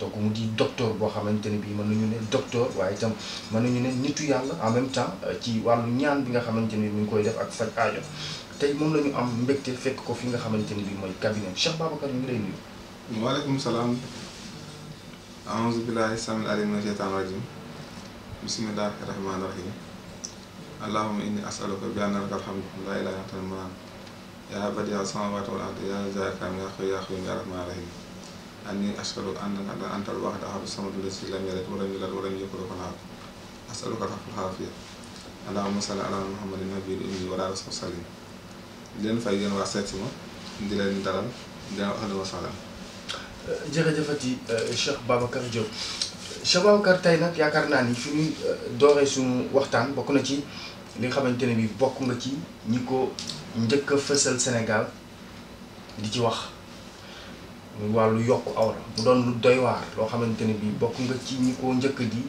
donc mu di docteur boo xamante ne bii mën nañu ne docteur waaye itam mën nañu ne nitu yàlla en même temps euh, ci wàllu ñaan bi nga xamante ne mi ngi koy def ak faj aajo tey moom la ñu am mbégte fekk ko fi nga xamante ne bii mooy cabinet Cheikh Babacar ñu ngi lay nuyu. waaleykum salaam. aouzu billaahi samil aliim mina sheytaani rajiim bismillaahi rahmaani rahiim allahumma inni asaluka bi anna laka alhamdu laa yaa badii'u samaawaati wal ardi yaa zal karaam yaa xayyu أني أشهد أن أنت الواحد أحد الصمد الذي لم يلد ولم يولد ولم يكن له أحد أسألك الرحمة العافية اللهم صل على محمد النبي الأمي وعلى آله وصحبه لين فايين وعساتما ديلين دلال ديلين أهلا وسهلا جرجفة آه، الشيخ بابا كرجو الشيخ بابا كرتاي نك يا كرناني في نوي آه، دوري سونو وقتان بكونا تي لي خامتيني بي بوكو نيكو نديك فصل سنغال دي تي muy lu yokk awra mu doon lu doy waar loo xamante ne bii bokk nga ci ñi ko njëkk di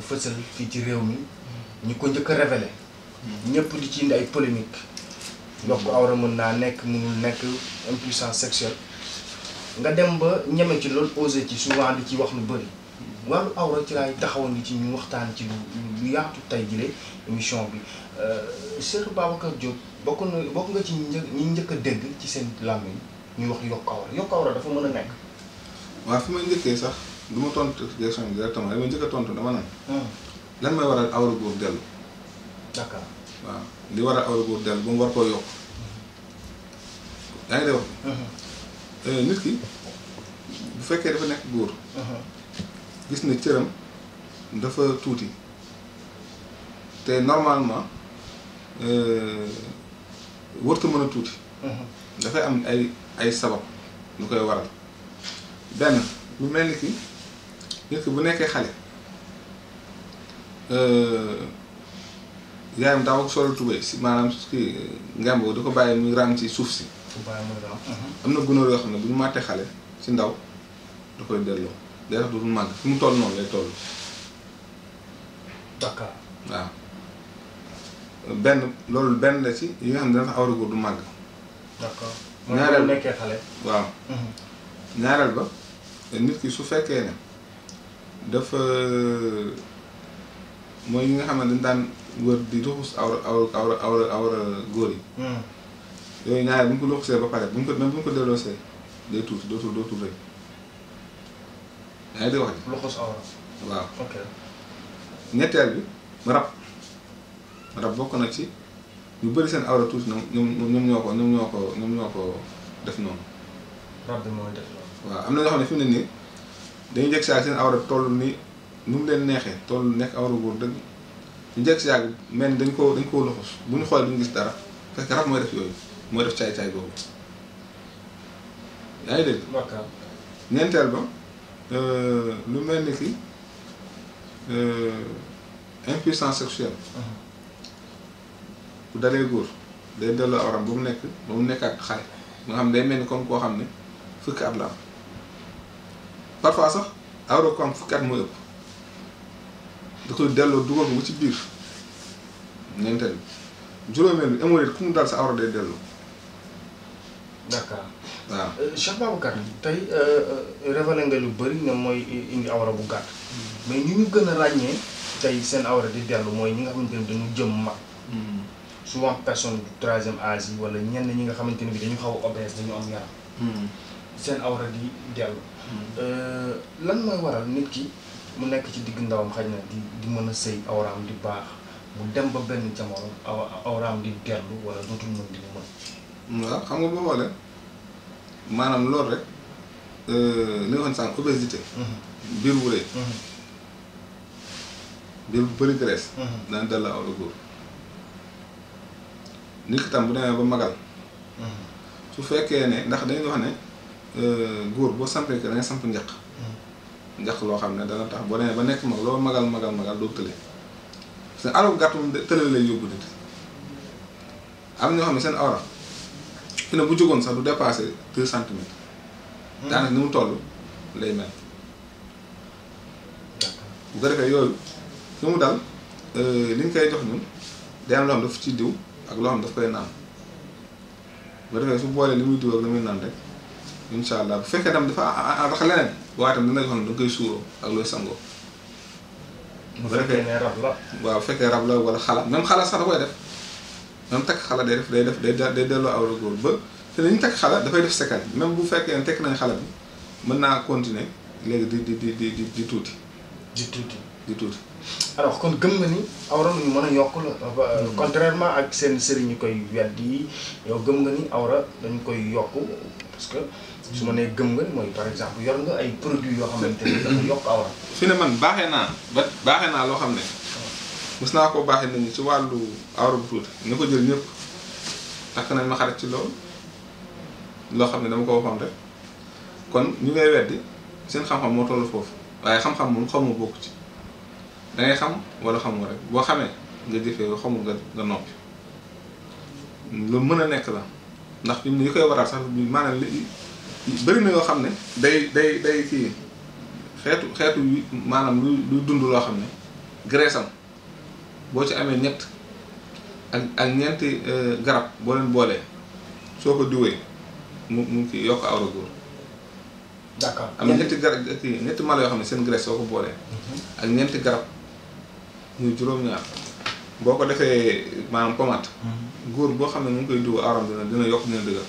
fësal fii ci réew mi ñi ko njëkk a révélé ñëpp di ci indi ay polémique yokk awra mën naa nekk mënul nekk impuissance sexuelle nga dem ba ñeme ci loolu osé ci souvent di ci wax lu bëri wàllu awra ci laay taxawoon gi ci ñu waxtaan ci lu yaatu tey jile émission bi euh, Cheikh Babacar Diop bokk na bokk nga ci ñi njëkk a dégg ci seen làmmiñ ñu wax yokk awra yokk awra dafa man a nekk. waaw fi may njëkkee sax du ma tontu question bi directement li ma njëkk a tontu dama naan. Hmm. lan may waral awra góor dellu. d'accord waaw li waral awra góor dellu ba mu war koo yokk. yaa ngi lay wax. Hmm. Hmm. Eh, nit ki bu fekkee dafa nekk góor. gis ne cëram dafa tuuti te normalement eh, warut mën a tuuti. dafay am ay. ay sabab lu koy waral benn lu mel ni ki nit bu nekkee xale euh, yaayam daaw ak solo tubéy si maanaam kii euh, ngemb di ko bàyyi muy raam ci suuf si uh-huh. am na gunóor yoo xam ne bu ñu màttee xale si ndaw da koy delloo day tax dootul màgg fi mu toll noonu lay toll d'accord waaw benn loolu benn la ci yi nga xam ne dana tax awra du màgg ñaareel ba nekkee xale. waaw. ñaareel ba nit ki su fekkee ne dafa mooy ñi nga xam ne dañ daan wër di ruxus awra awra awra awra góor yi. yooyu ñaareel bu ñu ko ruxusee ba pare bu ñu ko même bu ñu ko delloosee day tuuti dootul dootul rëy. yaa ngi dégg wax ji. ruxus awra. waaw ok. ñetteel bi rab rab bokk na ci. ñu bëri seen awra tuuti ñoom ñoom ñoom ñoo ko ñoom ñoo ko ñoom ñoo ko def noonu. rab mooy def noonu. waaw am na ñoo xam ne fi mu ne nii dañuy njëkk saa seen awra toll ni nu mu leen neexee toll nekk awra góor dëgg ñu njëkk saa mel ni dañ koo dañ koo loxos bu ñu xoolee duñu gis dara parce que rab mooy def yooyu mooy def caay-caay boobu yaa ngi dégg. ñeenteel ba euh, lu mel ni ki euh, impuissance sexuelle. Mhm. bu dalee góor day delloo awram ba mu nekk ba mu nekk ak xale nga xam day mel ni comme koo xam ne fukki at la am parfois sax awra ko am fukki at moo ëpp da koy delloo dugal ko ba ci biir ñeenteel bi juróomeel bi hémorroïde ku mu dal sa awra day delloo. d'accord waaw euh, Cheikh Babacar tey euh, euh, révélé nga lu bëri ne mooy indi awra bu gàtt hmm. mais ñu ñu gën a ràññee tey seen awra di dellu mooy ñi nga xamante ne dañu jëm mag hmm. souvent personne du troisième âge yi wala ñenn ñi nga xamante ne bi dañu xaw a obèse dañu am yaram. Hmm. seen awra di dellu. Hmm. Euh, lan mooy waral nit ki mu nekk ci digg ndawam xaj na di di mën a sëy awraam di baax mu dem ba benn jamono awraam di dellu wala dootul mën di mën. waaw xam nga boo xoolee maanaam loolu rek euh, li nga xam sànq mhm. biir wu rëy. Mhm. biir bu bëri graisse. daan dal la awra góor. nit ki tam bu demee ba magal. Hmm. su fekkee ne ndax dañuy wax ne euh, góor boo sampee ko da samp njaq. Hmm. njaq loo xam ne dana tax boo demee ba nekk mag loo magal magal magal doo tële parce que araw gàtt moom tële lay yóbbu nit. am ñoo xam ne seen awra fi ne bu jógoon sax du dépassé deux centimètres. Hmm. daanaka ni mu toll lay mel. bu ko defee yooyu fi mu dal euh, li ñu koy jox ñun day am loo xam dafa ci diw. ak loo xam daf koy naan bu defee su boolee muy diw ak li naan rek incha allah bu fekkee tam dafa àndax leneen waaye tam dina jox ne da nga koy suuroo ak bu fekkee ne rab la waaw fekkee rab la wala xala même xala sax koy def même takk xala day def day def day day delloo aw góor ba te dañu takk xala dafay def sekkat même bu fekkee ne nañ xala mën naa continuer léegi di di di di di tuuti. di tuuti di tuuti. alors kon gëm nga ni awra lu ñu mën a yokk la. Euh, hmm. contrairement ak seen sëriñ ñu koy weddi yi yow gëm nga ni awra dañ koy yokk parce que su ma nee gëm nga ni mooy par exemple yor nga ay produit yoo xamante ni yokk awra. fi ne man baaxee naa baaxee naa loo xam ne. mos naa ko baaxe nit ñi ci wàllu awra bu tuuti ñu ko jël ñëpp takk nañ ma xarit ci loolu loo xam ne dama ko waxoon rek kon ñu ngay weddi seen xam-xam moo toll foofu waaye xam-xam moom xaw ma bokk ci. da xam wala xamoo rek boo xamee nga jëfee ba xamul nga nga noppi lu mën a nekk la ndax fi mu li koy waral sax maanaam li yoo xam ne day day day xeetu xeetu maanaam lu luy dund loo xam ne greesam boo ci amee ñett ak ak ñeenti euh, garab boo leen boolee soo ko mu mu kii yokk awra góor d'accord am ñetti garab ñetti mala yoo xam ne seen graisse soo ko boolee mhm. ak ñeenti garab muy juróom-ñaar boo ko defee maanaam pomat mm-hmm. góor boo xam ne mu koy diw bi dina dina yokk dina dëgër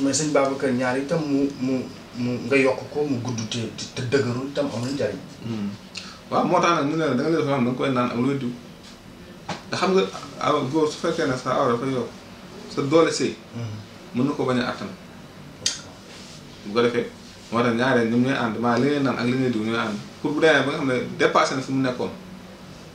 mais sëñ Babacar ñaar tam mu mu mu nga yokk ko mu gudd te te dëgërul itam am na njariñ mm. waaw moo tax nag mu ne la da nga naan am looy diw te xam nga góor su fekkee ne sa awra dafa doole sëy mm-hmm. mën na ko bañ a attan bu ko defee moo maa li ngay naan ak li ngay diw ñooy ànd pour bu demee ba nga xam ne dépassé na fi mu nekkoon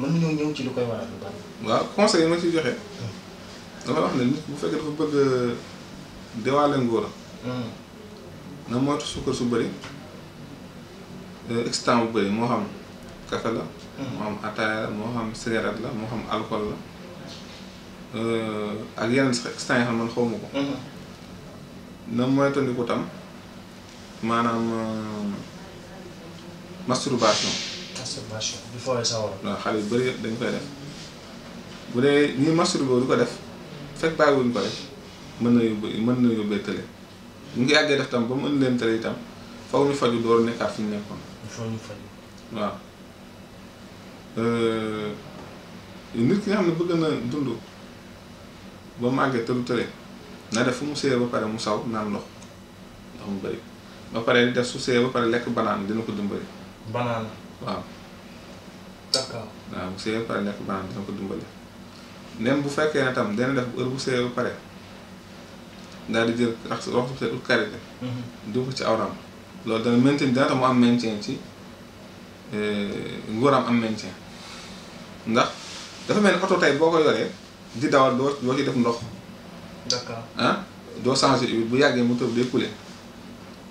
mën nañoo ñëw ci lu koy waral lu bari. waaw conseil yi ma ciy joxe. dama wax ne nit bu fekkee dafa bëgg a dewaale hmm. ngóora. na moytu suukar su bëri euh, excitant bu bëri moo xam café la. Hmm. moo xam ataaya la moo xam cigarette la moo xam alcool la euh, ak yeneen excitant yi xam man xawma ko. Hmm. na moytandiku tam maanaam euh, masturbation. masturbation di fooyee waaw xale yu bëri dañ koy def bu dee ñuy masturbé du ko def fekk bàyyi ko rek mën na yóbbu mën na yóbbee tële ñu ngi yàggee def tam ba mu ënd leen tële itam faw ñu faju door nekkaat fi ñu nekkoon. faw ñu faju waaw euh, nit ki nga xam ne bëgg na dund ba màggee tëlu tële na def fu mu seeyee ba pare mu saw naan ndox ndox mu bëri ba pare def su seeyee ba pare lekk banaan dina ko dimbali. banaan waaw. waaw bu seeyee ba pare nekk banaan dina ko dimbali même bu fekkee ne tam dana def heure bu seeyee ba pare daal di jël rax wax su ut karité mhm. du ci awram loolu dana maintien dana tax mu am maintien ci e, nguuram am maintien ndax dafa mel ni oto tey boo ko yoree di dawal doo doo ci def ndox d'accord ah doo changer huile bu yàggee moteur bi day couler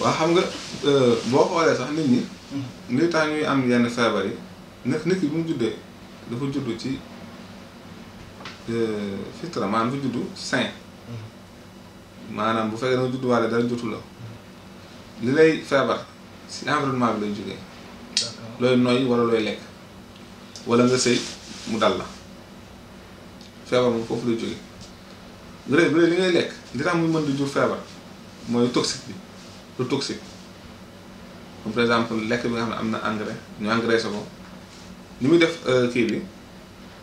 waa xam nga euh, boo xoolee sax nit ñi. luy tax ñuy am yenn feebar yi nag nit ki bu mu juddee dafa judd ci euh, fitra maanaam judd sain. maanaam bu fekkee da juddu judd waale dara jotu la li lay feebar si environnement bi lay jógee. looy noy wala looy lekk walla nga sëy mu dal la feebar moom foofu lay jógee. bu dee li ngay lekk li tax muy mën di jur feebar mooy toxique bi. du toxique comme par exemple lekk bi nga xam ne am na engrais engrais engraissé ko ni muy def euh, kii bi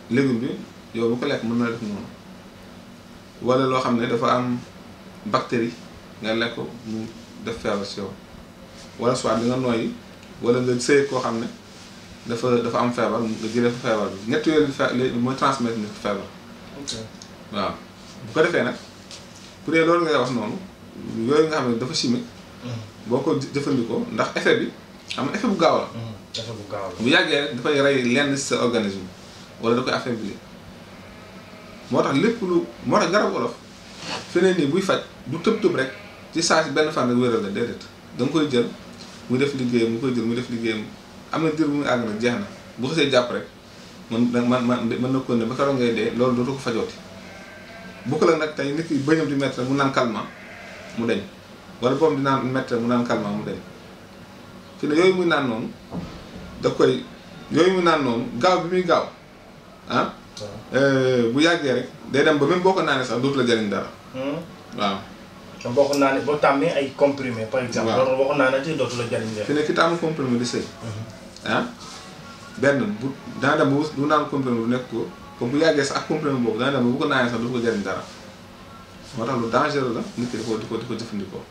légume bi yow bu ko lekk mën na def noonu wala loo xam ne dafa am bactérie nga lekk mu def feebar si yow wala soit di nga nooyi wala sëy koo xam ne dafa dafa am feebar nga jëlee fa feebar bi ñett yooyu li mooy transmettre ni feebar. waaw bu ko defee nag pour loolu ngay wax noonu yooyu nga xam ne dafa chimique. Mm-hmm. boo ko jëfandikoo ndax effet bi xam nga effet bu gaaw la. Mm-hmm. effet bu gaaw bu yàggee rek dafay rey lenn sa organisme wala da koy affaiblir moo tax lépp lu moo tax garab wolof feneen nii buy faj du tëb tëb rek ci saa si benn fan rek wéral la déedéet da nga koy jël mu def liggéeyam mu koy jël mu def liggéeyam am na diir bu muy àgg nag jeex na bu xasee jàpp rek man man man mën na ko ne ba keroog ngay dee loolu dootu ko fajooti bu ko la nag tey nit ki bëñam di mettre mu naan mu deñ wala boobu di naan mette mu naan calmant mu dem fi yooyu muy naan noonu da koy yooyu muy naan noonu gaaw bi muy gaaw ah, euh, bu yàggee rek day dem ba même boo ko naanee sax dootu la jëriñ dara hmm. waaw donc boo boo tàmmee ay comprimé par exemple. waaw loolu boo ko naanee dootu la jëriñ dara. fi nekk ki taamu comprimé di sëy. Hmm. Ah, benn bu dana dem ba bu naan comprimé bu nekk ko bu yàggee sax ak comprimé boobu dana dem ba bu ko naanee sax dootu ko jëriñ dara moo tax lu dangereux la nit ki ko di ko di ko jëfandikoo.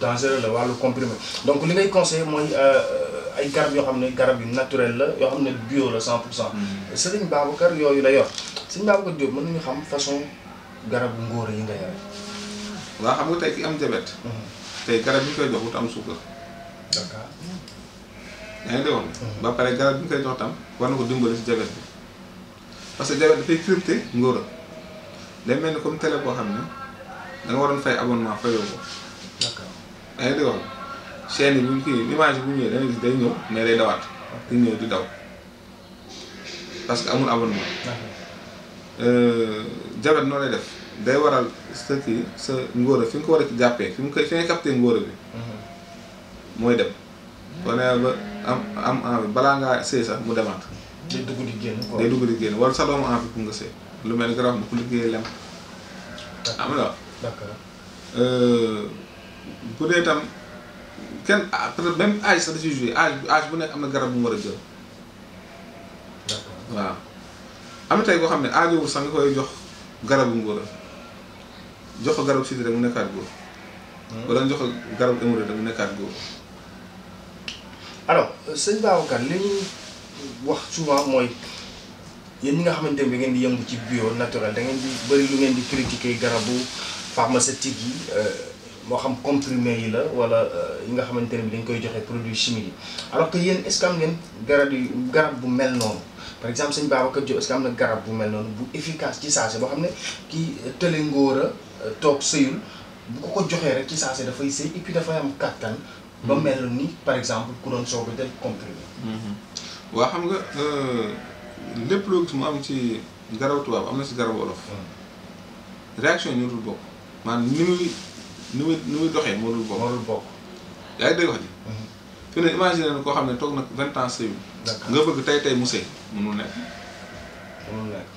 dangereux la wàllu comprimé donc li ngay conseiller moy euh, euh ay garab yo xamné garab yu naturel la yo xamné bio la 100 mm. Serigne Babacar yooyu la yor Serigne Babacar Diop meun ñu xam façon garab ngor yi nga yore. waaw xam nga tay ki am diabète mm-hmm. tay garab yi koy jox wut am sucre d'accord. yaa ngi mm-hmm. ba paré garab yi koy jox tam war na ko dimbali ci diabète parce que diabète dafay cripté ngor a day comme télé boo xamné da nga waroon fay abonnement fayoo ko. yaa ngi dégg wax chaîne yi di ñëw que amul abonnement. jabet euh, waral sa kii fi nga ko fi mu koy fi nga capté mhm. am am envie balaa ngaa sëy sax mu demaat. day dugg di génn quoi day dugg di génn wala nga sëy lu mel ni garab bu ku liggéey lem. bu dee tam kenn ah, peut-être même sax da ciy joué âge âge bu nekk am na garab bu mu war a jël. waaw am na tey boo xam ne aajowul sax nga koy jox garabu ngóor jox ko garabu siddi rek mu nekkaat góor. Hmm? wala jox ko garabu émiré rek mu nekkaat góor. alors euh, sëñ Babacar li ñu wax souvent mooy yéen ñi nga xamante ne da ngeen di yëngu ci bio naturel da ngeen di bëri lu ngeen di critiquer garabu pharmaceutique yi. Euh, moo xam comprimé yi la wala euh, yi nga xamante ne bi dañ koy joxe produit chimique yi alors que yéen est-ce que am ngeen garab yu garab bu mel noonu par exemple sëñ Babacar Diop est-ce que am na garab bu mel noonu bu efficace ci saase boo xam ne kii tële ngóor a euh, toog sëyul bu ko ko joxee rek ci saase dafay sëy et puis dafay am kattan. ba mm-hmm. mel ni par exemple ku doon soog a def comprimé. Mm-hmm. waa xam nga euh, lépp loo gis mu am ci garabu tubaab am na si garabu olof. Mm. réaction nu muy nu muy doxee moo dul bokk. moo dul yaa ngi dégg wax ji. Mm-hmm. fi ne imaginer nañu koo xam ne toog na vingt ans sëyul. nga bëgg tey tey mu sëy mënul nekk. mënul nekk.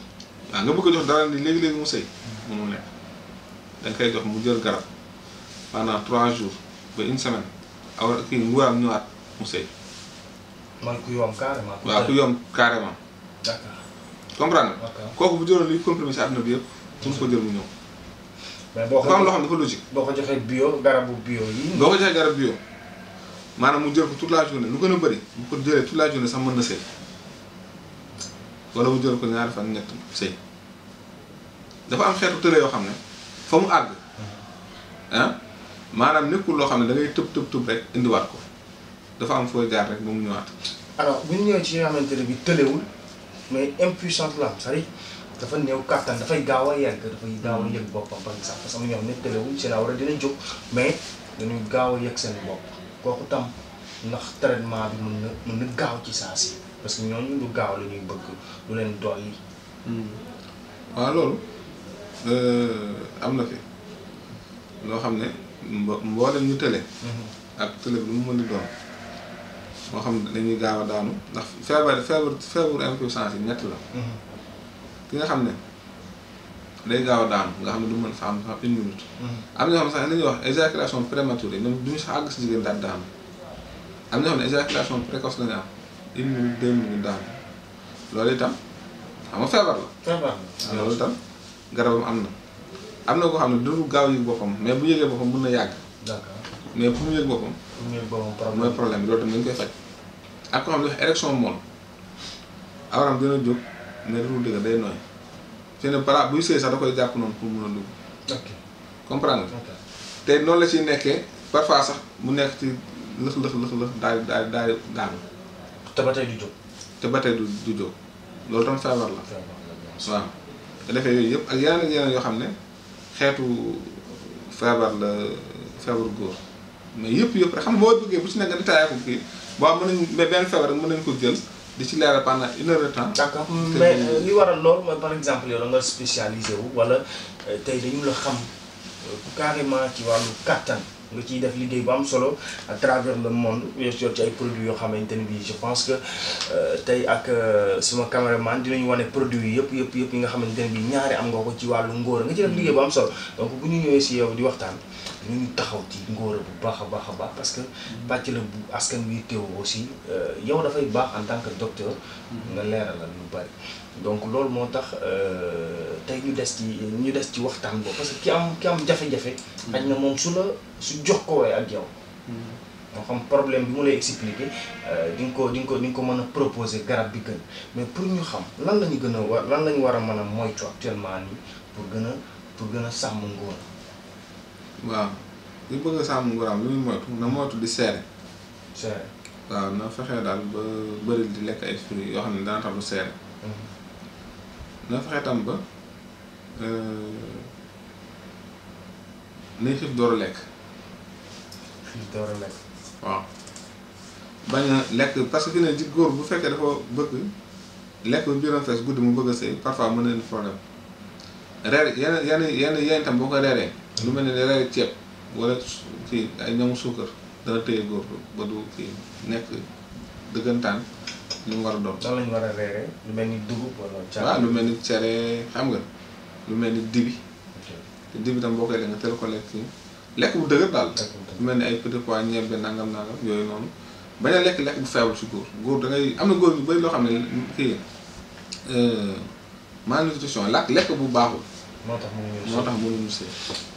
waaw nga bëgg a jox dara ni léegi léegi mu sëy mënul mm-hmm. nekk da nga jox mu jël garab pendant trois jours ba une semaine aw kii nguuraam ñëwaat mu sëy. man ku yomb carrément. waaw ku kooku bu jëloon liy compromis si àdduna bi yëpp. pour ko jël mu ñëw. mais boo ko dafa am loo xam dafa logique. boo ko joxee bio garabu bio yi. boo ko joxee garab bio maanaam mu jël ko toute la journée lu gën a bëri bu ko jëlee toute la journée sax mën na sëy wala mu jël ko ñaari fan ñett sëy dafa am xeetu tële yoo xam ne fa mu àgg ah maanaam nekkul loo xam ne da ngay tëb tëb tëb rek indiwaat ko dafa am fooy jaar rek ba mu ñëwaat. alors bu ñu ñëwee ci nga xamante ne bi tëlewul mais impuissante la am dafa néew kàttan dafay gaaw a yegg dafay gaaw a yëg boppam par exemple parce que ñoom ne tëlewuñ si la war a dina jóg mais dañuy gaaw a yëg seen bopp kooku tam ndax traitement bi mën na mën na gaaw ci saa si parce que ñooñu lu gaaw la ñuy bëgg lu leen dolli. waaw hmm. ah, loolu euh, am na fi loo xam ne mbo mboolem ñu tële. Mm-hmm. ak tële bi lu mu mën di doon. moo xam dañuy gaaw a daanu ndax feebar feebar feebaru impuissance yi ñett la. Mm-hmm. ki nga xam ne day gaaw a daanu nga xam ne du mën femme femme une minute. Mm-hmm. am na ñoo xam ne sax wax éjaculation prématurée ñoom du ñu sax àgg si jigéen daal daanu am na ñoo xam ne éjaculation précoce la am une minute deux minutes daanu loolu itam xam nga feebar la. Ah, loolu itam garabam am na. am na koo xam ne du gaaw yëg boppam mais bu yëgee boppam mun na yàgg. mais pour mu yëg boppam. pour mu yëg boppam mooy problème bi loolu itam dañ koy faj. ak koo xam ne érection moom awaram dina ne lu dul dëgg day nooy su ne balaa buy sëy sax da koy jàpp noonu pour mun a dugg. ok te noonu la ci nekkee parfois sax mu nekk ci lëx lëx lëx lëx daal daal daal daanu. te ba du jóg. te ba tey du jóg loolu tam feebar la. feebar la waaw. defee yooyu yëpp ak yeneen yeneen yoo xam ne xeetu feebar la feebar góor mais yëpp yëpp rek xam nga boo bëggee bu ci nekk nga détaillé ko kii boo mën nañu mais benn feebar rek mën nañu ko jël. di ci leeral pendant une heure eh, de temps. d' accord mais li waral loolu mooy par exemple yow ya, nga spécialisé ya, wu wala eh, tey dañu la xam carrément eh, ci wàllu kattan nga ciy def liggéey bu am solo à travers le monde yoo yor ci ay produits yoo xamante ni je pense que tey ak suma caméraman dinañu wane produits yi yëpp yëpp yi nga xamante ne ñaari am nga ko ci wàllu ngóor nga ci def liggéey bu am solo donc bu ñu ñëwee si yow di waxtaan ñu ngi taxaw ci ngor bu baax a baax parce que pàcc la bu askan wi teewoo aussi euh, yow dafay baax en tant que docteur nga leeralal lu bari donc loolu moo tax euh, tey ñu des ci ñu des ci waxtaan boobu parce que ki am ki am jafe-jafe xaj na moom su la su jox ko waaye ak yow moo xam problème bi mu lay expliquer euh, di nga ko di ko di ko mën a proposer garab bi gën mais pour ñu xam lan la ñu lan la ñu war a mën actuellement nii pour a pour gën a sàmm waaw li bëgg a sàmm nguuram li muy moytu na moytu di seere. seere waaw na fexe daal ba bëri di lekk ay fruits yoo xam ne dana tax du seere. Mm-hmm. na fexe tam ba euh, nay xiif door a lekk. xiif lekk. waaw bañ lekk parce que ne di góor bu fekkee dafa bëgg lekk bi biiram fees guddi mu bëgg a sëy parfois mën na leen problème reer yenn yenn yenn yenn itam boo ko reeree. lu mel ne ne reer ceeb wala kii ay ñamu suukar dana téye góor ba du kii nekk dëggantaan li mu war a doon. lan lañ war a lu mel ni dugub wala cere. lu mel ni cere xam nga lu mel ni dibi. te dibi tam boo koy lekk nga lekk lekk bu dëgër daal. lu mel ni ay petits pois ñebbe nangam la yooyu noonu bañ a lekk lekk bu feebul si góor góor da am na góor yu bari loo xam ne kii euh, malnutrition lakk lekk bu baaxul. moo tax mënuñu sëy moo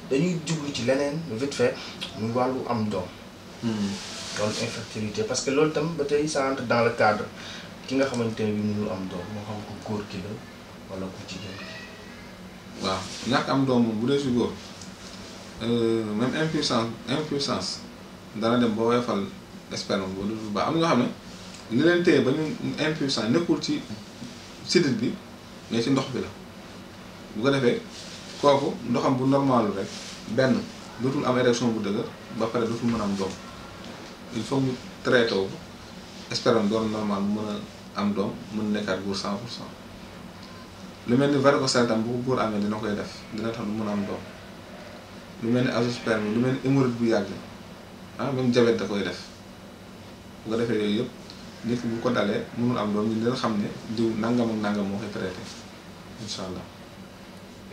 dañuy ci leneen vite fait muy wàllu am doom hmm. une infertilité parce que loolu tam ça entre dans le cadre ki nga xamante ne bi mënul am doom moo xam ko góor ki la wala ku jigéen ki waaw ñàkk am doom bu dee euh, même impuissance impuissance dana dem espérance ba ba am nga xam ne li leen ba ñu impuissant nekkul ci site, mais ci ndox bi la bu ko kooku ndoxam bu normal rek benn dootul am érection bu dëgër ba pare dootul mën am doom il faut mu traité wu espérant doon normal mu mën a am doom mën nekkaat góor 100 pour cent lu mel ni varicocèle tam bu ko góor amee dina koy def dina tax du mën am doom lu mel ni azoospermie lu mel ni hémorroïde bu yàgg ah même diabète da koy def bu ko defee yooyu yëpp nit bu ko dalee mënul am doom ñu dina xam ne diw nangam ak nangam moo koy traité allah.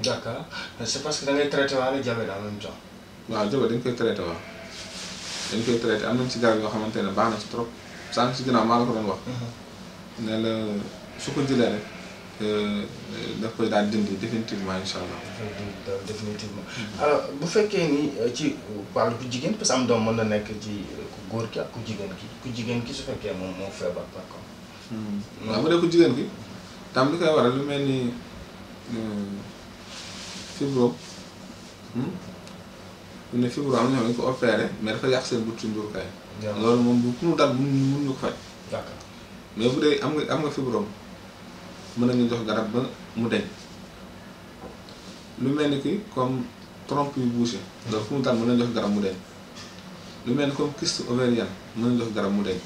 d' accord c' est parce que da ngay traité waale diabète en même temps. waaw diabète dañ koy traité waaw dañ koy ci garab yoo xamante ne baax na ci trop sànq ci ginnaaw maa la ko doon wax. ne la su eh, eh, ko jëlee rek. daf koy daan dindi définitivement incha allah. définitivement mhm. alors bu fekkee eh, ni ci wàllu ku jigéen parce que am doom mën na nekk ci ku góor ki ak ku jigéen ki ku jigéen ki su fekkee moom moo feebar par contre. waaw bu dee ku jigéen ki tam li koy waral lu mel ni. fibro hmm? mu ne fibro am na ñoo ko opéré mais dafa yàq seen butu njurukaay. loolu moom bu ku mu dal mun ñu ko am am nga fibrom mën nañu jox garab ba mu deñ lu mel ni ki comme trompe yu bouché. loolu fu mu dal mën nañu jox garab mu deñ lu mel ni comme kyste ovarienne mën nañu jox garab mu deñ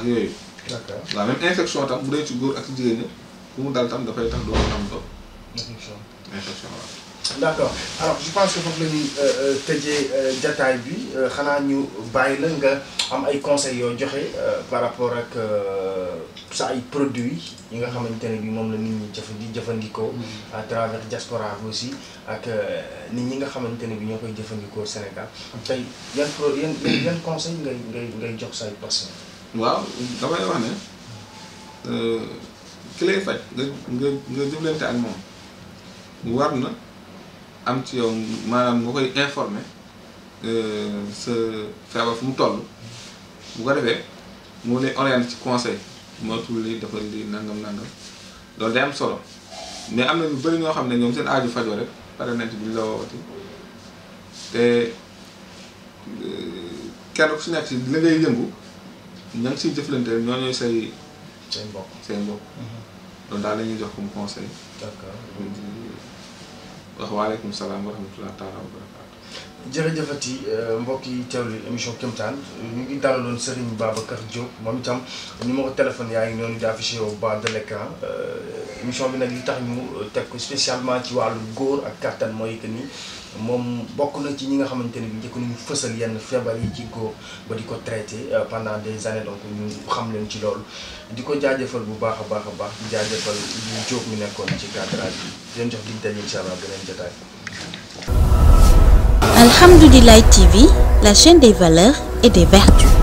ak yooyu. d'accord waaw infection tam bu dee ci góor ak jigéen ñi fu mu dal tam dafay tax doo am doom. d' je pense que foofu la ñuy euh, euh, tëjee euh, jataay bi xanaa ñu bàyyi la nga am ay conseils yoo joxe par rapport ak sa ay produits ñi nga xamante ne bi moom la nit ñi jëfandi jëfandikoo. Mm-hmm. à travers diaspora aussi ak nit ñi nga xamante ne bi ñoo koy jëfandikoo Sénégal tey yan pro yan yan conseils ngay ngay jox say patients. waaw damay wax ne ki lay faj nga nga nga jëflante ak moom. war na am ci yow maanaam nga koy informer sa feebar fu mu toll bu ko defee moo lay orienté ci conseil moytuwul lii dafa lii nangam nangam loolu de am solo mais am na ñu bëri ñoo xam ne ñoom seen aaju fajoo rek pare nañ ci bu ñu la woowati te euh, kenn ku si nekk si li ngay yëngu ña ngi siy ñoo ñooy say. seen mbokk seen mbokk. Mm-hmm. daal la ñuy jox comme conseil. wax waaleykum salaam wa rahmatulah taala wa barakaatu. jërëjëfati euh, mbokk yi teewlu émission Kemtaan ñu ngi dalaloon Serigne kër Diop moom itam numéro téléphone yaa ngi ñoo di affiché si bas baa l'écran euh, émission bi nag yi tax ñu teg ko spécialement ci wàllu góor ak kattan mooy que ni. mom bokku na ci ñi nga xamanteni ne bi njëkk nañu fësal yenn feebar yi ci góor ba diko traiter euh, pendant des années donc ñu xam leen ci loolu diko jaajeufal bu baaxa baaxa baax a di jaajëfal ñu jox mi nekkon ci cadrage bi di leen jox dig daje incha allah beneen jotaay. Alhamdoulilah TV, la chaîne des valeurs et des vertus.